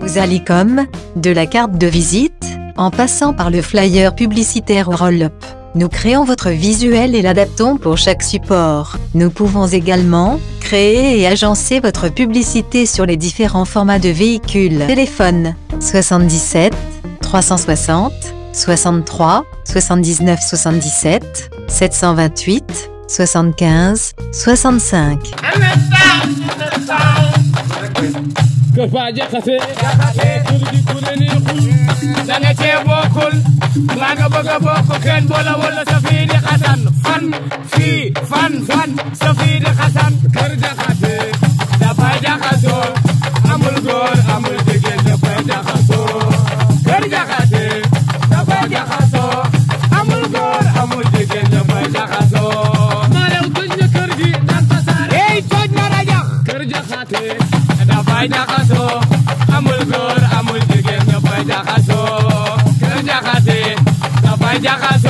Vous allez comme, de la carte de visite, en passant par le flyer publicitaire ou roll-up. Nous créons votre visuel et l'adaptons pour chaque support. Nous pouvons également créer et agencer votre publicité sur les différents formats de véhicules. Téléphone 77 360 63 79 77 728 75 65. kër Paa Jaxate tur di kure ni xul da nga cee bokkul maa nga bëgg a bokk kenn bola wala sa fii di xasan fan fii fan fan sa fii di xasan kër ñëppay jaxasoo amul góor amul jigéen ñëppay jaxasoo kenn jaxase dafay jaxasoo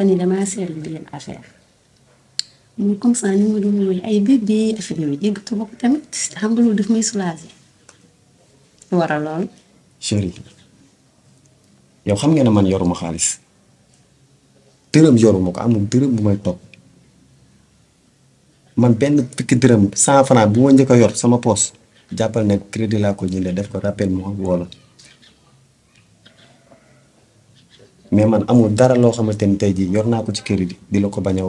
fani dama damaa seetlu benn affaire muy comme ça ni ma doon wooye ay bébé affaire yooyu yëggatuma ko tamit xam nga loolu mi may Wara lol. a lool. chéri yow xam nga ne man yoruma xaalis dërëm yoruma ko amul dërëm bu may topp man ben fukki dërëm cent franc bu ma njëkk yor sama poos jàppal ne crédit la ko jëndee def ko rappel mo wala. mais man amul dara lo xamanteni tay ji ñor yor ko ci di la ko bañ a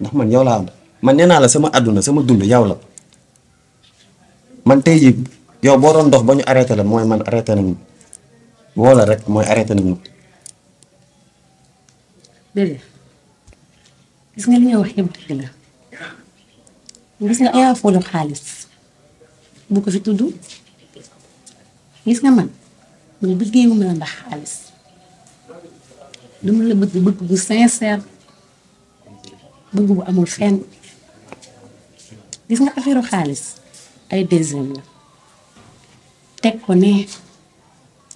ndax man yow la am man neena la sama aduna sama dund yow la man tay ji yow bo doon dox bañu arrêté la moy man arrêté nañu wala rek moy arrêté nañu. bébé gis nga li nga wax yëpp dëgg la gis nga Aya lu xaliss bu ko fi tuddu gis nga man bëggee wu mëna ndax xaliss lu mu la bëgg bëgg bu sincère bëgg bu amul fenn gis nga affaire xaalis ay deuxième la teg ko ne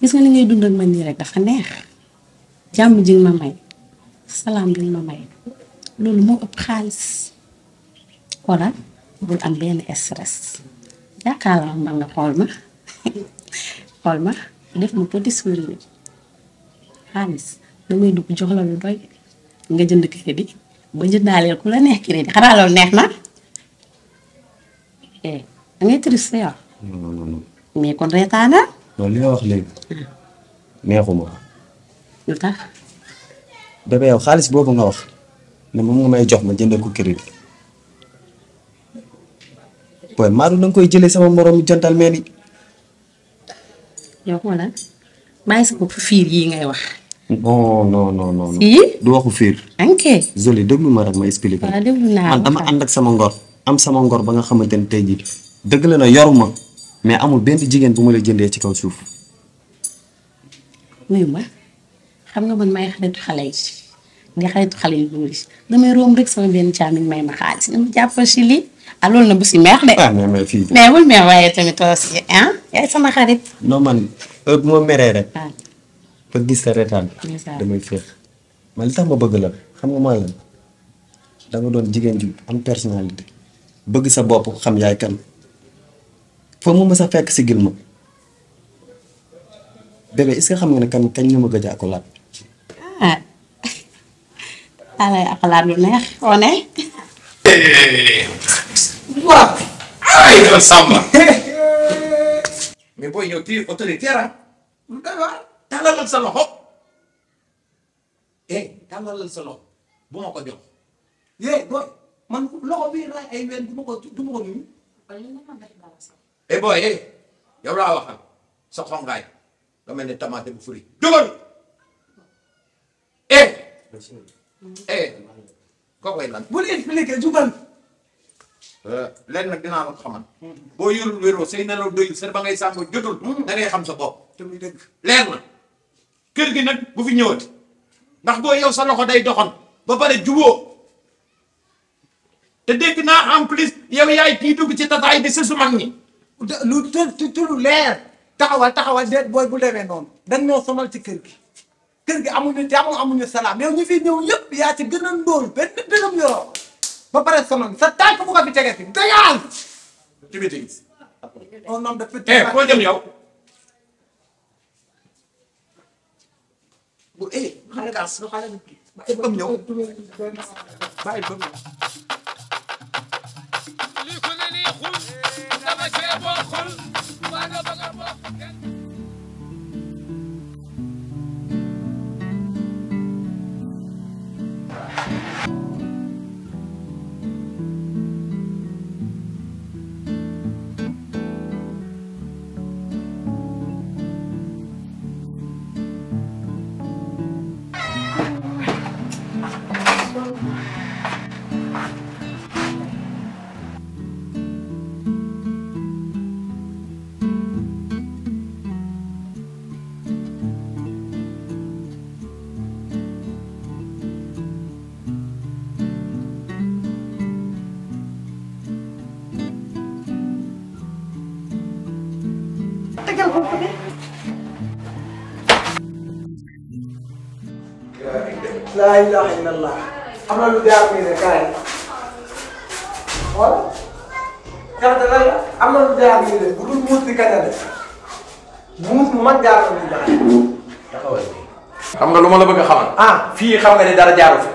gis nga li ngay dund ak man nii rek dafa neex jàmm ji ma may salaam ji ma may loolu moo ëpp xaalis walla bul am benn stress yaakaar ma nga xool ma xool ma def ma petit sourire xaalis da ngay dugg jox la lu doy nga jënd crédit ba jëndaaleel ku la neex crédit xanaa loolu neex na eh ngay triste yow. Ah. non mais kon reetaana. non li nga wax léegi. neexuma. lu tax. bébé yow xaalis boobu nga wax ne moom nga may jox ma jëndal ko crédit boy Maodo da nga koy jëlee sama morom jantal meen yi. yow ko lan bàyyi sa bopp fiir yi ngay wax non non non non si du waxu fiir ok zoli ma rek ma expliquer ah, man dama ak sama ngor am sama ngor ba nga xamante ni tey jii la na yoruma mais amul benn jigéen bu ma la jëndee ci kaw suuf nuyu ma xam nga man may yi damay room rek sama benn caamin may ma xaalis dama jàppal si lii ah na bu si meex ah mais mais fii mais bul meex waaye tamit aussi yaay sama xarit. non man heure bu rek. Ah ba gis sa reetaan damay féex man li tax ma bëgg la xam nga maa la da nga doon jigéen ju am personnalité bëgg sa bopp xam yaay kan foo mu mësa fekk si gil bébé est-ce que xam nga ne kan kañ nga ma a akulaat ah alay akulaat lu neex one waaw ay doon sàmm mais booy ñëw ti autoritaire lu tàllalal sa loxo eh tàllalal sa loxo bu ma ko jox yee eh, booy man loxo bii raay ay ween du ma ko du ma ko nuyu. eh booy eh yow laa waxal sa xongaay nga mel ne tamaate bu furi dugal eh eh kookoy lan bu leen expliqué jugal eh, leen nag dinaa la ko xamal boo yorul wéroo say nelaw doyul sa ba ngay sàngo jotul da hmm. ngay xam sa bopp te muy dëgg leer na kër gi nag bu fi ñëwati ndax boo yow sa loxo day doxoon ba pare juboo te dégg naa en plus yow yaay kii dugg ci tataay bi su mag ñi lu tu tu leer taxawal taxawal déet booy bu demee noonu dañ ñoo sonal ci kër gi kër gi amuñu jàmm amuñu salaam yow ñu fi ñëw yëpp yaa ci gën a ndóol benn dërëm yoroo ba pare sonal sa tànk bu ko fi tege fi dayaal ci biti on homme de petit eh foo jëm yow bu eh xaaral kaa su xaaral bàyyi ba mu ñëw bàyyi ba mu ñëw. lii ku ne nii xul dama cee bokkul maa nga bëgg a bokk لا اله الا الله am na lu jaar fii de kaay wala gerte lan la am na lu jaar fii de bu dul muus bi kañ la def muus mu mag jaar na lu jaar taxawal xam nga lu ma la bëgg a xamal. ah fii xam nga ne dara jaaru fi.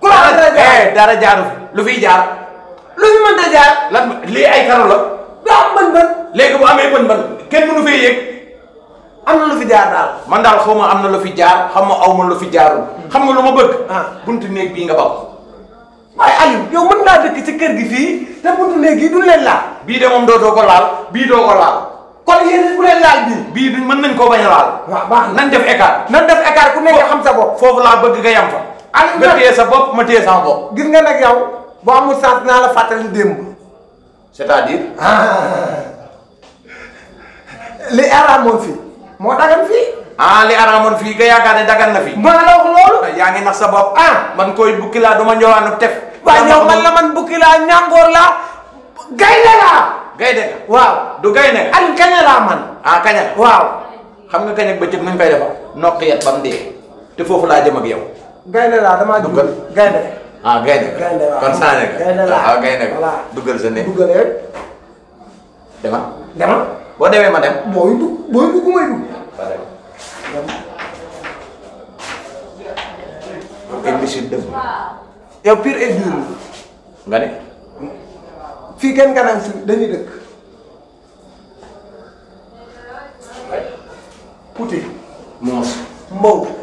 ku la dara jaaru dara jaaru fi lu fiy jaar. lu fi mën a jaar. lan lii ay karo la. du am bën-bën. léegi bu amee bën-bën kenn mënu fee yéeg. am na lu fi jaar daal. man daal xaw ma am na lu fi jaar xam ma aw ma lu fi jaar hmm. xam nga lu ma bëgg. Ah. buntu néeg bii nga bokk. waaye Aliou yow mën ngaa dëkk ci kër gi fii te buntu néeg yi duñ leen laal. bii de moom doo doo ko laal bii doo ko laal. kon yéen bu leen laal bii. bii duñ mën nañ koo bañ a laal. nañ def écart. nañ def écart ku nekk xam sa bopp. foofu laa bëgg nga yam fa. Aliou nga téye sa bopp ma téye sama bopp. gis nga nag yow boo amul sant naa la fàttali démb. c'est-à-dire. Ah. mo dagan fi ali aramon fi ga nga ne dagan na fi maa nah, ah, la wax loolu yaa nax sa bop ah man koy bukki laa duma ñëwaanu tef ba ñow man la man bukki laa ñàngoor laa gaynde laa gaynde waaw du gayne al an la man ah kaña waaw xam nga kaña bëccëg nañ koy defa noq yet bam de te fofu la jëm ak yow gayne la dama jëm gayne ah gaynde gaynde kon saane nga gaynde laa ah, gaynde duggal sa néeg duggal dama dama boo demee ma dem. booy dugg booy dugg may dugg. yow pire et dur nga ne. fii kenn nga naan fii dañuy dëkk. puti moos